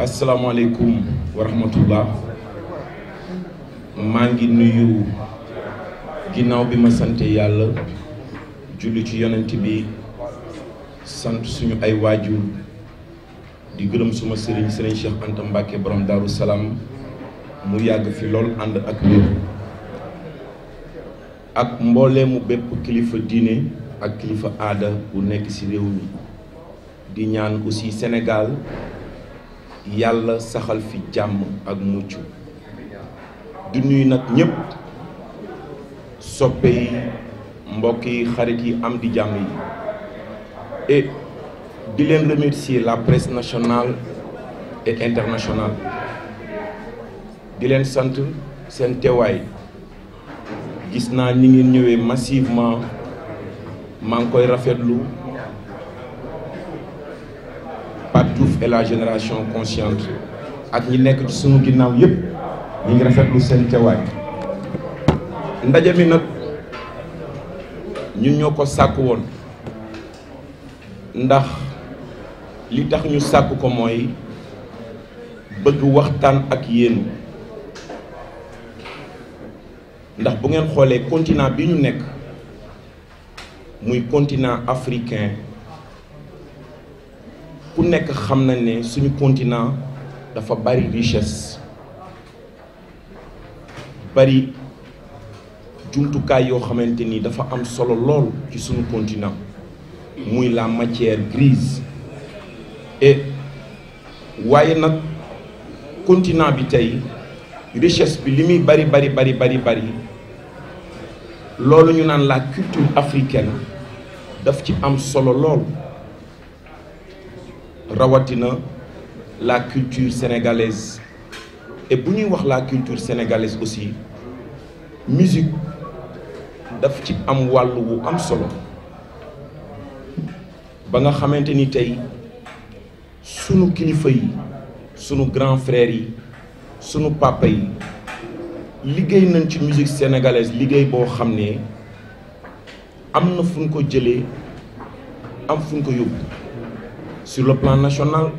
asalaamaaleykum wa rahmatullah maa ngi nuyu ginnaaw bi ma sante yàlla julli ci yonent bi sant suñu ay waajur di gërëm suma sëriñ sëriñ Cheikh Anta Mbacke borom Daaru Salaam mu yàgg fi lool ànd ak wér ak mbooleemu bépp kilifa diine ak kilifa aada bu nekk ci réew mi di ñaan aussi Sénégal yàlla saxal fi jàmm ak mucc du nuyu nag ñëpp soppe yi mbokk yi xarit yi am di jàmm yi et di leen remercier la presse nationale et internationale di leen sant seen teewaay gis naa ni ngeen ñëwee massivement maa ngi koy rafetlu. et génération conscient ak ñi nekk ci sunu ginnaaw yëpp ñu ngi rafetlu seen teewaay ndaje mi nag ñu ñoo ko sàkk woon ndax li tax ñu sàkk ko mooy bëgg waxtaan ak yéen ndax bu ngeen xoolee continent bi ñu nekk muy continent africain ku nekk xam na ne suñu continent dafa bari richesse bari jumtukaay yoo xamante ni dafa am solo lool ci suñu continent muy la matière grise et waaye nag continent bi tey richesse bi li muy bari bari bari bari loolu ñu naan la culture africaine daf ci am solo lool rawatina la culture sénégalaise et bu ñuy wax la culture sénégalaise aussi musique daf ci am wàll wu am solo ba nga xamante ni tey sunu kilifa yi sunu grand frère yi sunu papa yi liggéey nañ ci musique sénégalaise liggéey boo xam ne am na fu ñu ko jëlee am fu ñu ko yóbbu. sur le plan national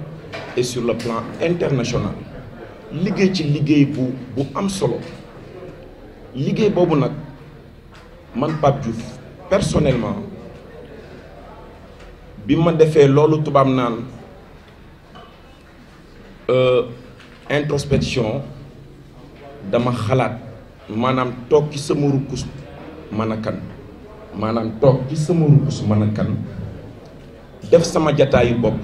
et sur le plan international liggéey ci liggéey bu bu am solo liggéey boobu nag man Pape Diouf personnellement bi ma defee loolu tubaab naan euh, introspection dama xalaat maanaam toog ci sama rukus mën a kan maanaam toog ci sama rukus mën a kan def sama jataayu bopp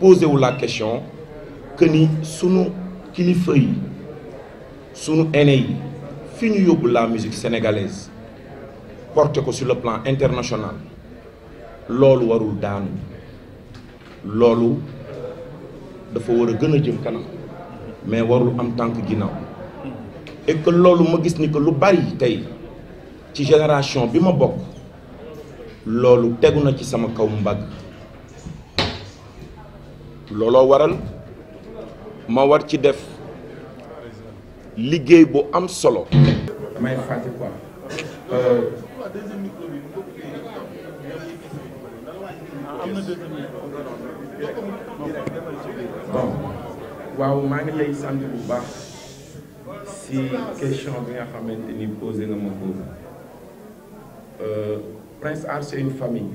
posé wu la question que ni sunu kilifa yi sunu aîné yi fi ñu yóbbu la musique sénégalaise porté ko sur le plan international loolu warul daanu loolu dafa war a gën a jëm kanam mais warul am tànk ginnaaw et loolu ma gis ni que lu bari tey ci génération bi ma bokk loolu tegu na ci sama kaw mbagg looloo waral ma war ci def liggéey bu am solo. damay fàtte quoi. Euh, bon waaw maa ngi lay sant bu baax si question bi nga xamante ni posé nga ma ko euh, Prince Art c'est une famille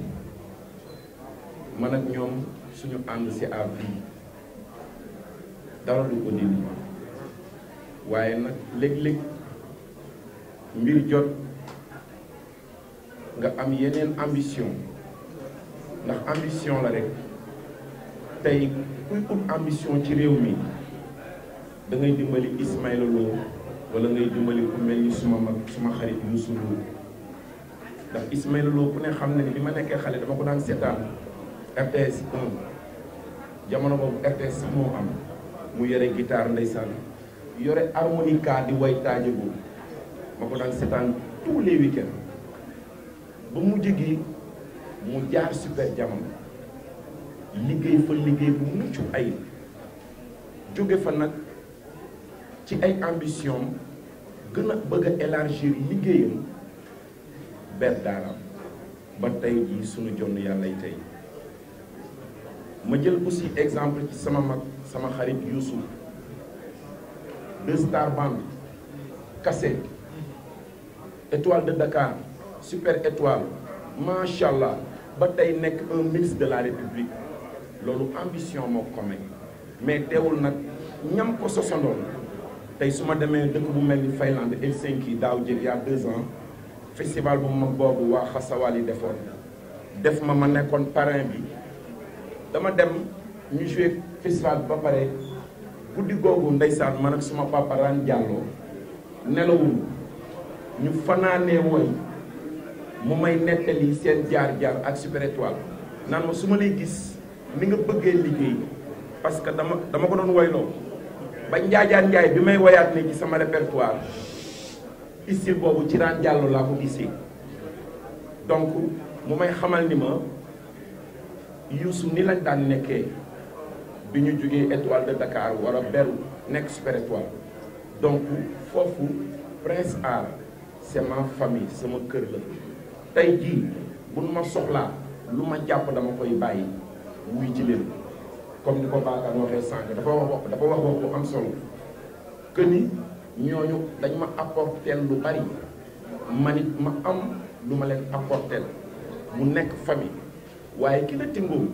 man ak ñoom. suñu ànd si à vie dara du ko dindi waaye nag léeg-léeg mbir jot nga am yeneen ambition ndax ambition la rek tey kuy ut ambition ci réew mi dangay ngay dimbali Ismaïla Lo wala ngay dimbali ku mel ni suma mag suma xarit Youssou Ndour ndax Ismaïla Lo ku ne xam ne ni bi ma nekkee xale dama ko daan seetaan RTS jamono boobu RTS sax moo am mu yore guitare ndeysaan yore harmonica di way taajagu ma ko daan seetaan tous les week ba mujj gi mu jaar super jamono liggéey fa liggéey bu mucc ayib jóge fa nag ci ay ambition gën a bëgg a élargir liggéeyam ber daaraam ba tey jii jonn yàlla tey ma jël aussi exemple ci sama mag sama xarit Youssou Deux Star Étoile de Dakar Super Étoile macha allah ba tey nekk un ministre de la République loolu ambition moo ko mais teewul nag ñam ko sosandoon tey su ma demee dëkk bu mel ni Finlande Helsinki daaw jël y a deux ans festival bu mag boobu waa Xasawaal yi defoon def ma ma nekkoon parrain bi. dama dem ñu joué festival ba pare guddi googu ndeysaan man ak suma papa Rane nelawul ñu fanaanee woy mu may nettali seen jaar-jaar ak Super Étoile naan ma su ma lay gis ni nga bëggee liggéey parce que dama dama ko doon woyloo ba njaajaan njaay bi may woyaat ne ci sama répertoire style boobu ci Rane Diallo laa ko gisee donc mu may xamal ni ma Youssou ni lañ daan nekkee bi ñu jógee étoile de Dakar war a beru nekk super étoile donc foofu Prince Art c'est ma sama kër la tey jii buñ ma soxlaa lu ma jàpp dama koy bàyyi wuy ji leen comme ni ko Bakar waxee sànq dafa wax dafa wax wax bu am solo que ni ñooñu dañ ma apporter lu bari man it ma am lu ma leen apporter mu nekk famille. waaye ki la timboo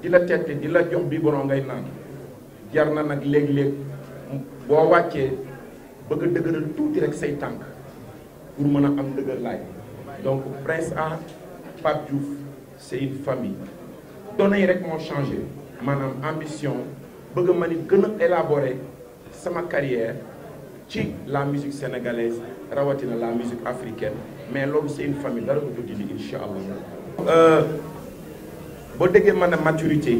di la tette di la jox bi borom ngay naan jar na nag léeg-léeg boo wàccee bëgg a dëgëral tuuti rek say tànk pour mën a am dëgër laay donc prince a Pape Diouf c'est une famille rek moo changé maanaam ambition bëgg ma ni gën a élaborer sama carrière ci la musique sénégalaise rawatina la musique africaine mais loolu c'est une famille dara ko dindi incha allah. Euh, boo déggee man a maturité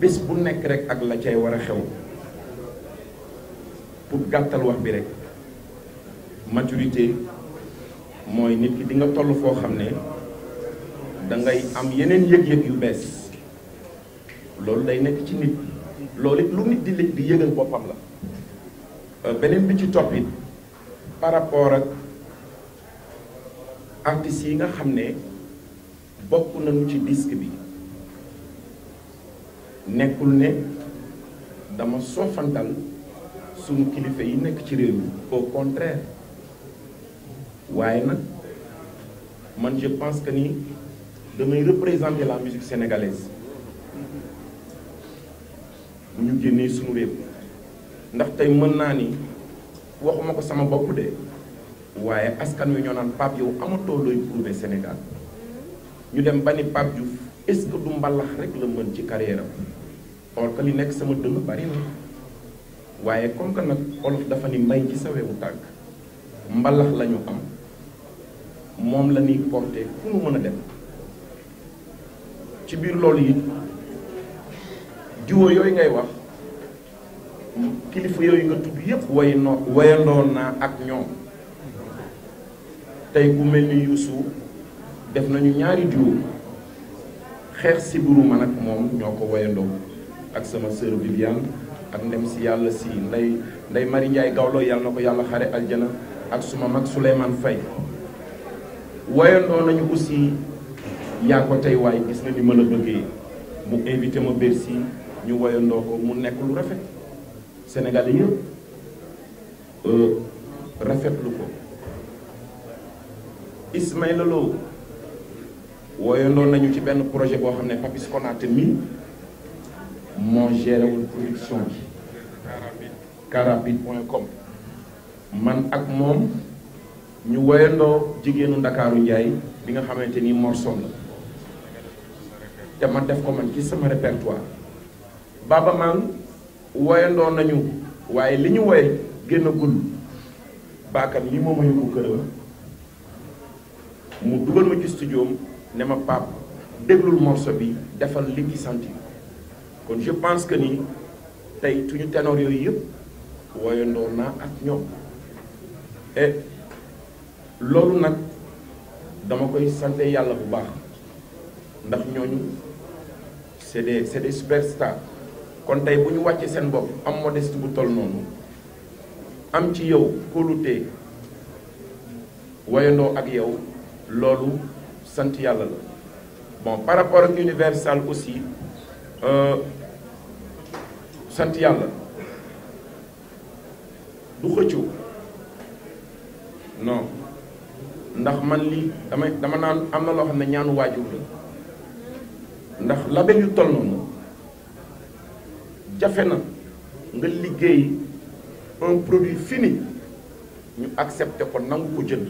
bés bu nekk rek ak la ca war a xew pour gàttal wax bi rek maturité mooy nit ki di nga toll foo xam ne da ngay am yeneen yëg-yëg yu bees loolu day nekk ci nit loolu lu nit di di yëgal boppam la euh, beneen bi ci topp par rapport ak. artistes yi nga xam ne bokk nañu ci disque bi nekkul ne dama soofantal sunu kilifa yi nekk ci réew mi au contraire waaye nag man je pense que ni damay représenter la musique sénégalaise bu ñu génnee sunu réew ndax tey mën naa ni waxuma ko sama bopp de. waaye askan wi ñoo naan Pape yow amatoo looy prouvé Sénégal ñu dem ba ni Pape Diouf est-ce que du mbalax rek la mën ci carrière am or que li nekk sama dënn bari na waaye comme que nag olof dafa ni mbay ci bu tàgg mbalax lañu am moom la ñuy porté fu nu mën a dem ci biir loolu yi jiwo yooyu ngay wax kilifa yooyu nga tudd yépp way no wayandoo naa ak ñoom tey ku mel ni Youssou def nañu ñaari duo xeex si buruma nag moom ñoo ko woyandoo ak sama sœur Viviane ak ndem si yàlla si nday nday Mari Ndiaye Gawlo yàlla ko yàlla xare aljana ak suma mag Souleymane Faye woyandoo nañu aussi yaa ko tey waaye gis na ni mën a bëggee mu invité ma Bercy ñu woyandoo ko mu nekk lu rafet Sénégalais yëpp euh, rafetlu ko Ismaïla Lo wooyandoon nañu ci benn projet boo xam ne Papis Konaté mi moo gérewul production bi carabine man ak moom ñu woyandoo jigéenu ndakaaru njaay bi nga xamante ni morceau la te man def ko man ci sama répertoire Baba woyandoo nañu waaye li ñu woye génnagul baakam yi moom mayu ko kër mu dugal ma ci studio ne ma pap déglul morso bi defal liggi santi kon je pense que nii tey suñu ténor yooyu yëpp woyandoor naa ak ñoom e loolu nag dama koy sante yàlla bu baax ndax ñooñu c'est des c'est des superstars kon tey bu ñu wàccee seen bopp am modeste bu toll noonu am ci yow kóolutee woyandoo ak yow loolu sant yàlla la bon par rapport ak Universal aussi euh, sant yàlla du xëccoo non ndax man lii damay dama naan am na loo xam ne ñaanu waajur la ndax label yu toll noonu jafe na nga liggéey un produit fini ñu accepté ko nangu ko jënd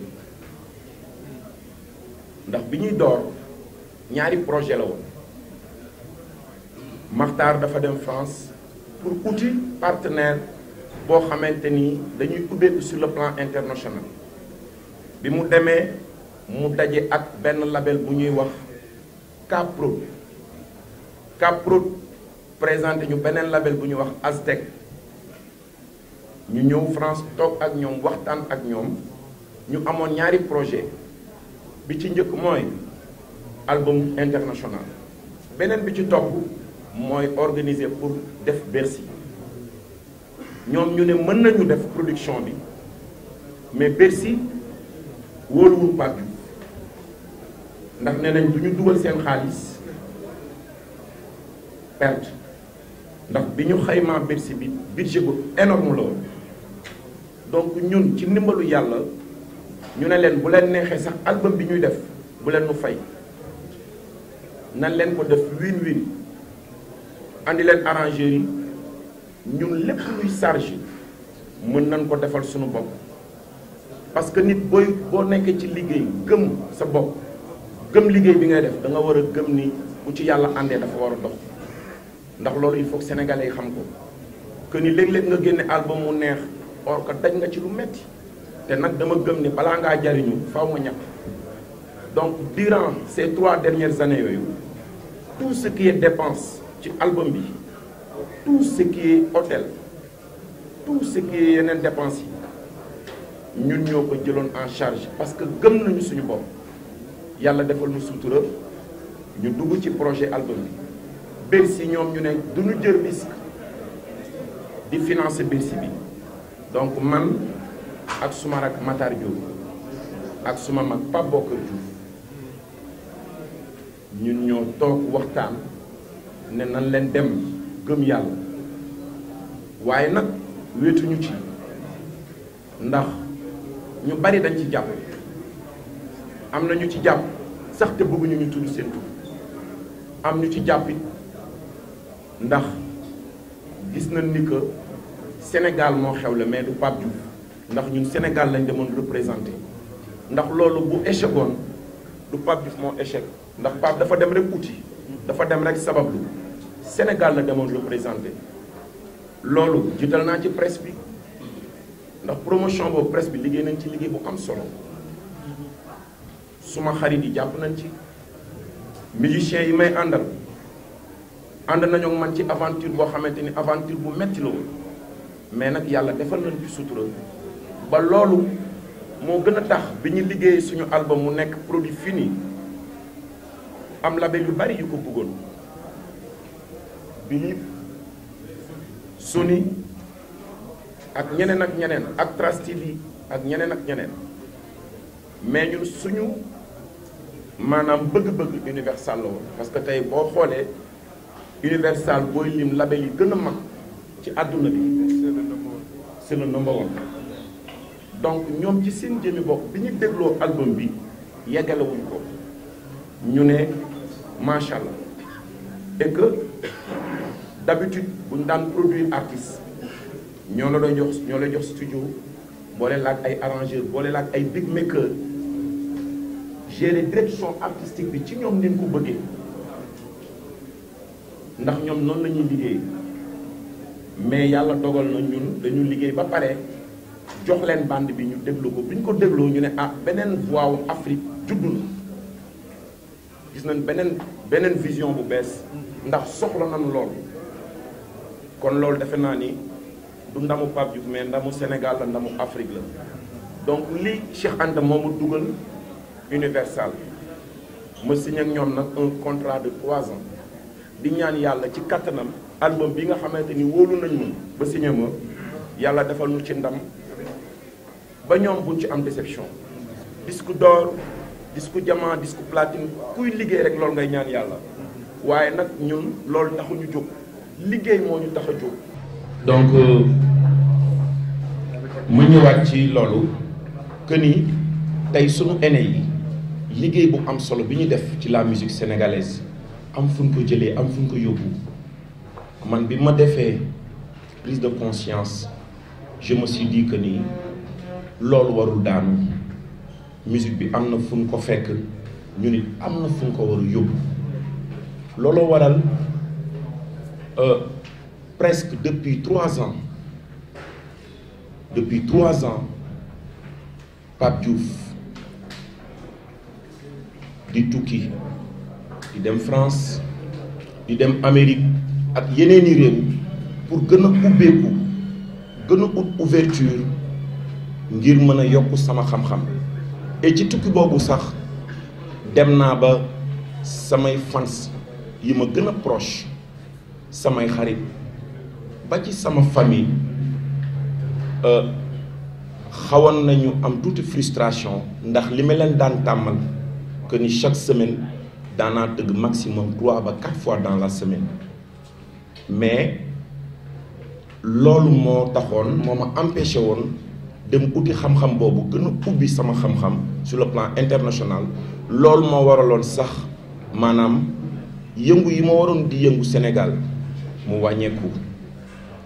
ndax bi ñuy door ñaari projet la woon Maxtaar dafa dem France pour outil partenaire boo xamante ni dañuy ubbeeku sur le plan international bi mu demee mu daje ak benn label bu ñuy wax Caprod Caprod présenter ñu beneen label bu ñuy wax Aztec ñu ñëw France toog ak ñoom waxtaan ak ñoom ñu amoon ñaari projet bi ci njëkk mooy album international beneen bi ci topp mooy organiser pour def Bercy ñoom ñu ne mën nañu def production bi mais Bercy wóoluwul Pape ndax nee nañ du ñu dugal seen xaalis perte ndax bi ñu xaymaa Bercy bi budget bu énorme la donc ñun ci ndimbalu yàlla ñu ne leen bu leen neexee sax album bi ñuy def bu leen nu fay nan leen ko def win win andi leen arrangeur yi ñun lépp luy chargé mën nañ ko defal suñu bopp parce que nit booy boo nekkee ci liggéey gëm sa bopp gëm liggéey bi ngay def danga war a gëm ni bu ci yàlla àndee dafa war a dox ndax loolu il faut que xam ko que ni léeg-léeg nga génne album mu neex or que daj nga ci lu metti te nag dama gëm ni balaa ngaa jariñu faw nga ñàkk donc durant ces trois dernières années yooyu tout ce qui est ci album bi tout ce qui est hôtel tout ce yeneen dépense yi ñun ñoo ko jëloon en charge parce que gëm nañu suñu bopp yàlla defal mu sutura ñu dugg ci projet album bi Bercy ñoom ñu ne duñu jël risque di financer Bercy bi donc man ak suma rak Matar Diouf ak suma mag Pape Bokar Diouf ñun ñoo toog waxtaan ne nan leen dem gëm yàlla waaye nag wéetuñu ci ndax ñu bari dañ ci jàpp am na ñu ci jàpp sax te bëgguñu ñu tudd seen tur am ñu ci jàppit ndax gis nañ ni que Sénégal moo xew la mais du Pape Diouf ndax ñun Sénégal lañ demoon représenté ndax loolu bu échec woon du Pape Diouf moo échec ndax Pape dafa dem rek uti dafa dem rek sabablu Sénégal la demoon représenté loolu jiital naa ci presse bi ndax promotion boobu presse bi liggéey nañ ci liggéey bu am solo suma xarit yi jàpp nañ ci musiciens yi may àndal ànd nañoo man ci aventure boo xamante ni aventure bu metti la woon mais nag yàlla defal nañ ci sutura ba loolu moo gën a tax bi ñu liggéey suñu album mu nekk produit nii am labe yu bari yu ko bëggoon bi ñu Sony ak ñeneen ak ñeneen ak Trace ak ñeneen ak ñeneen mais ñun suñu maanaam bëgg-bëgg universal la woon parce que tey boo xoolee universal booy lim label yi gën a mag ci àdduna bi c'est le number one donc ñoom ci seen jëmi bopp bi ñu dégloo album bi yeggalewuñ ko ñu ne macha allah et que d'habitude bu ñu daan produire artiste ñoo la doon jox ñoo la jox studio boole la ak ay arrangeur boole la ak ay big maker gérer direction artistique bi ci ñoom leen ko bëggee ndax ñoom noonu lañuy liggéey mais yàlla dogal na ñun dañu liggéey ba pare. jox leen bande bi ñu déglu ko bi ñu ko dégloo ñu ne ah beneen voix wu Afrique juddu na gis nañ beneen beneen vision bu bees ndax soxla nañ lool kon loolu defe naa ni du ndamu Pape Diouf mais ndamu Sénégal la ndamu Afrique la donc li Cheikh moom moomu dugal universal ma signé ak ñoom nag un contrat de trois ans di ñaan yàlla ci kattanam album bi nga xamante ni wóolu nañ ma ba signé ma yàlla defal nu ci ndam ba ñoom buñ ci am déception disque d'or disque diamant disque platine kuy liggéey rek loolu ngay ñaan yàlla waaye nag ñun loolu taxuñu jóg liggéey moo ñu tax a jóg. donc euh, mu ñëwaat ci loolu que ni tey sunu aîné yi liggéey bu am solo bi ñu def ci la musique sénégalaise am fu ko jëlee am fu ko yóbbu man bi ma defee prise de conscience je me suis dit que ni. loolu warul daanu musique bi am na fu ko fekk ñu nit am na fu ko war a yóbbu looloo waral euh, presque depuis trois ans depuis trois ans Pape Diouf di tukki di dem France di dem Amérique ak yeneeni réew pour gën a ubbeeku gën a ut ouverture ngir mën a yokk sama xam-xam et ci tukki boobu sax dem naa ba samay fans yi ma gën a proche samay xarit ba ci sama famille euh, xawoon nañu am tuuti frustration ndax li ma leen daan tàmmal que ni chaque semaine daanaa tëgg maximum trois ba quatre fois dans la semaine mais loolu moo taxoon moo ma empêché woon dem uti xam-xam boobu gën a bi sama xam-xam sur le plan international loolu moo waraloon sax maanaam yëngu yi ma waroon di yëngu Sénégal mu wàññeeku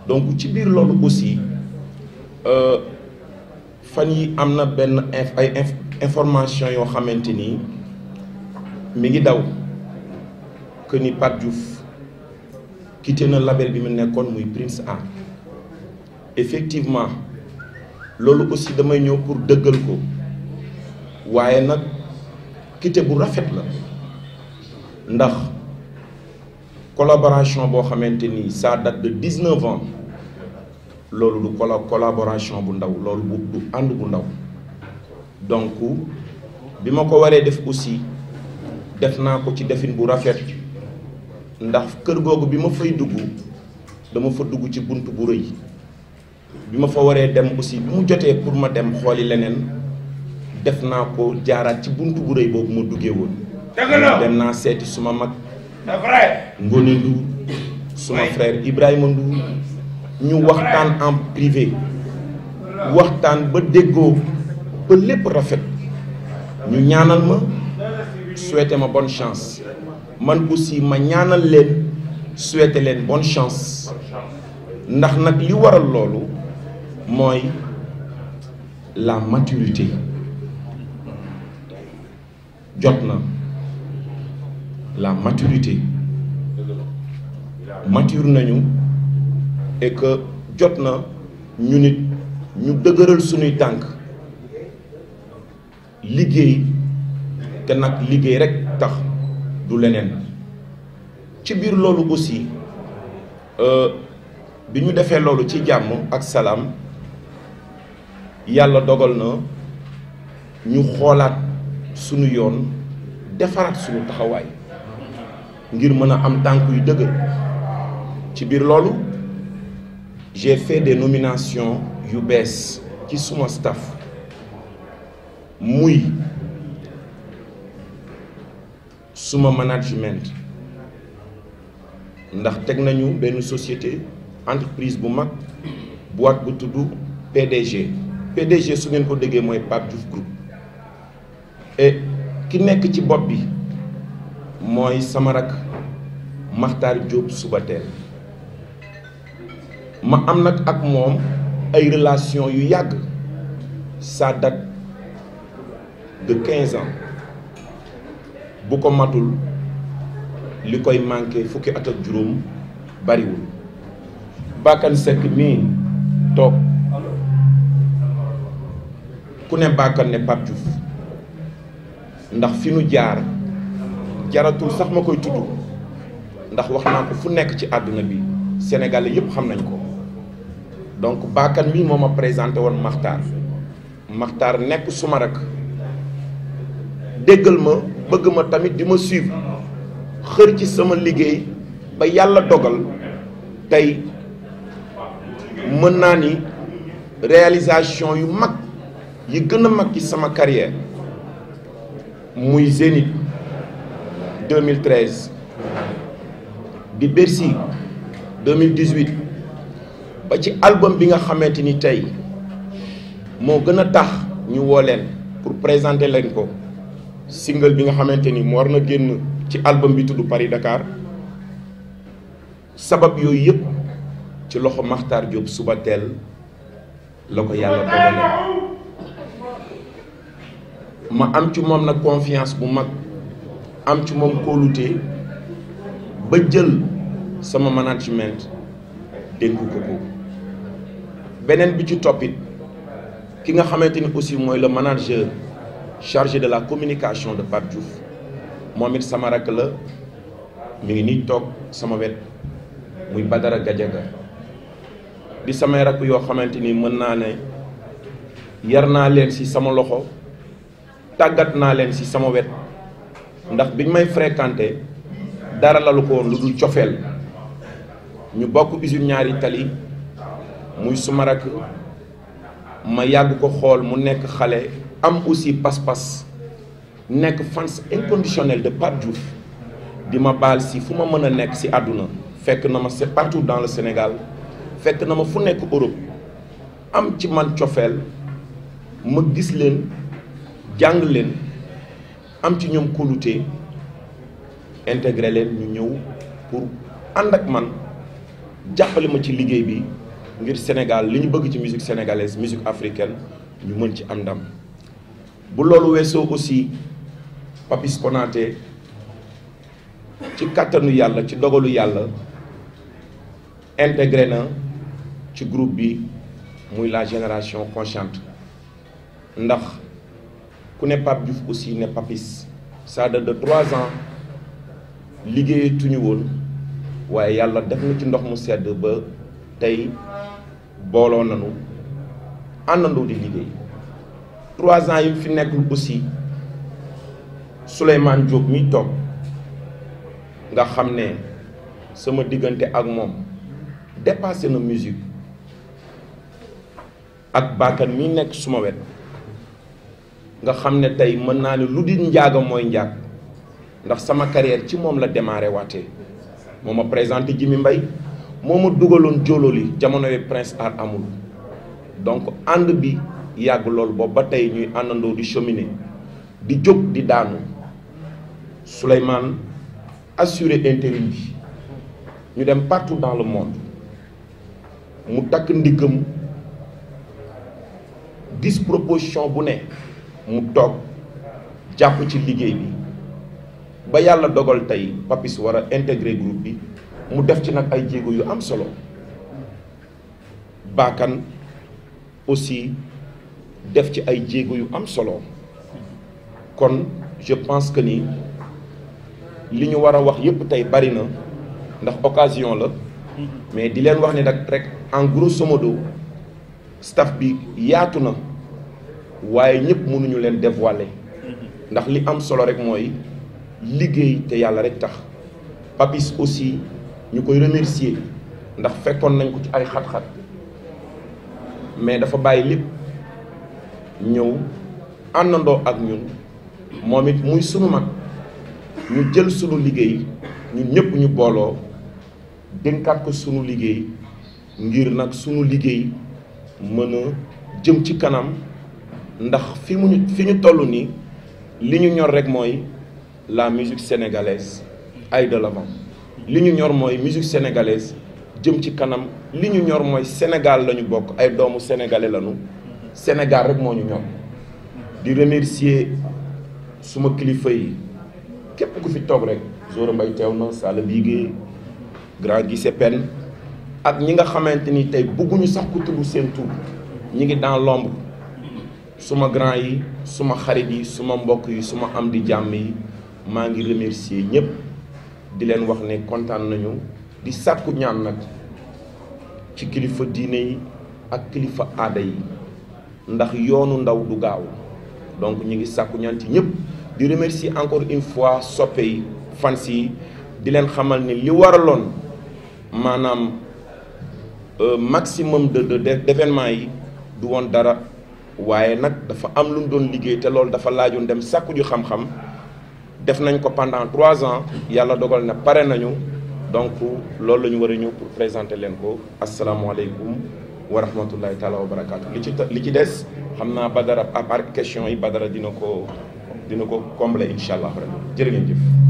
donc ci biir loolu aussi euh, fan yi am na benn ay information yoo xamante ni mi ngi daw que ni Pape Diouf quitté na label bi mu nekkoon muy Prince Art effectivement loolu aussi damay ñëw pour dëggal ko waaye nag quitté bu rafet la ndax collaboration boo xamante ni ça date de dix-neuf ans loolu du colla collaboration bu ndaw loolu bu ànd bu ndaw donc bi ma ko waree def aussi def naa ko ci defin bu rafet ndax kër googu bi ma fay dugg dama fa dugg ci bunt bu rëy bi ma fa waree dem aussi bi mu jotee pour ma dem xooli leneen def naa ko jaaraat ci buntu bu rëy boobu ma duggee woon. dem naa seeti suma mag. Ngone Ndour suma frère Ibrahima Ndour ñu waxtaan en privé waxtaan ba déggoo ba lépp rafet ñu ñaanal ma souhaité ma bonne chance man aussi ma ñaanal leen souhaité leen bonne chance. ndax nag li waral loolu mooy la maturité jot na la maturité matur nañu et jot na ñu nit ñu dëgëral suñuy tànk liggéey te nag liggéey rek tax du leneen ci biir loolu aussi euh, bi ñu defee loolu ci jàmm ak salaam yàlla dogal na ñu xoolaat sunu yoon defaraat sunu taxawaay ngir mën a am tànk yu dëgg ci biir loolu j'ai de des yu bees ci suma staf muy suma management ndax teg nañu benn société entreprise bu mag boîte bu tudd PDG PDG su ngeen ko déggee mooy Pape Diouf Group ki nekk ci bopp bi mooy sama rak Makhtar Diop Soubatel ma am nag ak moom ay relation yu yàgg ça date quinze ans bu ko matul li koy manqué fukki at ak juróom bariwul Bakane Seck mii toog ku ne bàkkan ne Pape Diouf ndax fi nu jaar jaratul sax ma koy tudd ndax wax naa ko fu nekk ci àdduna bi sénégalais yëpp xam nañ ko donc bàkkan mi moo ma présenté woon Makhtar Makhtar nekk suma rak déggal ma bëgg ma tamit di ma suivre xër ci sama liggéey ba yàlla dogal tey mën naa ni réalisation yu mag yi gën a mag ci sama carrière muy Zénith 2013 di Bercy 2018 ba ci album bi nga xamante ni tey moo gën a tax ñu woo leen pour présenter leen ko single bi nga xamante ni mu war na génn ci album bi tudd Paris Dakar sabab yooyu yëpp ci loxo Makhtar Diop suba teel la ko yàlla dogalee ma am ci moom nag confiance bu mag am ci moom kóolute ba jël sama management dénk ko ko beneen bi ci toppit ki nga xamante ni aussi mooy le manager chargé de la communication de Pape Diouf moom it sama rakk la mu ngi nii toog sama wet muy Badara Gadiaga di samay rakk yoo xamante ni mën naa ne yar naa leen ci sama loxo tàggat naa leen si sama wet ndax biñ may fréquenté dara lalu ko woon lu dul cofeel ñu bokk usine ñaari tali muy suma ma yàgg ko xool mu nekk xale am aussi pas-pas nekk fans inconditionnel de Pape Diouf di ma baal si fu ma mën a nekk si àdduna fekk na ma c'est partout dans le Sénégal fekk na ma fu nekk Europe am ci man cofeel ma gis leen jàng leen am ci ñoom kóolute intégré leen ñu ñëw pour ànd ak man jàppale ma ci liggéey bi ngir Sénégal li ñu bëgg ci musique sénégalaise musique africaine ñu mën ci am ndam bu loolu weesoo aussi Papis Konaté ci kàttanu yàlla ci dogalu yàlla intégré na ci groupe bi muy la génération consciente ndax ku ne Pape Diouf aussi ne Papis ça date de trois ans liggéeyatuñu woon waaye yàlla def na ci ndox mu sedd ba tey booloo nañu àndandoo di liggéey trois ans yi fi nekkul aussi Souleymane Diop mi toog nga xam ne sama diggante ak moom dépassé na musique ak baakan mi nekk suma wet nga xam ne tey mën naa ne lu di njaaga mooy njaag ndax sama carrière ci moom la démarré waatee moo ma présenté Jimi mbay moo ma dugaloon jololi jamono yi Prince Art amul donc ànd bi yàgg loolu boobu ba tey ñuy àndandoo di cheminer di jóg di daanu Souleymane assuré intérim bi ñu dem partout dans le monde mu takk ndiggam disproposition bu ne mu toog jàpp ci liggéey bi ba yàlla dogal tey papis war a intégré groupe bi mu def ci nag ay jéego yu am solo baakan aussi def ci ay jéego yu am solo kon je pense que ni li ñu war a wax yépp tey bari na ndax occasion la mhm. mais di leen wax ni nag rek en grosso modo staff bi yaatu na waaye ñëpp mënuñu leen dévoiler mm-hmm. ndax li am solo rek mooy liggéey te yàlla rek tax Papis aussi ñu koy remercier ndax fekkoon nañ ko ci ay xat-xat mais dafa bàyyi lépp ñëw àndandoo ak ñun moom it muy sunu mag ñu jël sunu liggéey ñu ñëpp ñu booloo dénkaat ko sunu liggéey ngir nag sunu liggéey mën a jëm ci kanam ndax fi mu ñu fi ñu toll nii li ñu ñor rek mooy la musique sénégalaise aille li ñu ñor mooy musique sénégalaise jëm ci kanam li ñu ñor mooy Sénégal lañu bokk ay doomu sénégalais lañu Sénégal rek moo ñu ñor di remercier suma kilifa yi képp ku fi toog rek Zora Mbaye teew na Sala Bigué Grand Guissé Pène ak ñi nga xamante ni tey bëgguñu sax ku tudd seen tur ñi ngi dans l'ombre suma grand yi suma xarit yi suma mbokk yi suma am di jàmm yi maa ngi remercier ñëpp di leen wax ne kontaan nañu di sàkku ñaan nag ci kilifa diine yi ak kilifa aada yi ndax yoonu ndaw du gaaw donc ñu ngi sàkku ñaan ci ñëpp di remercier encore une fois soppe yi fans yi di leen xamal ni li waraloon maanaam euh, maximum de de d'événement yi du woon dara waaye nag dafa am lu ñu doon liggéey te loolu dafa laajoon dem sàkku ju xam-xam def nañ ko pendant trois ans yàlla dogal na pare nañu donc loolu la ñu war ñëw pour présenter leen ko asalaamaaleykum wa rahmatullahi taala wa barakaatu. li ci te li ci des xam naa Badara à part question yi Badara dina ko dina ko combler incha allah jërë ngeen jëf.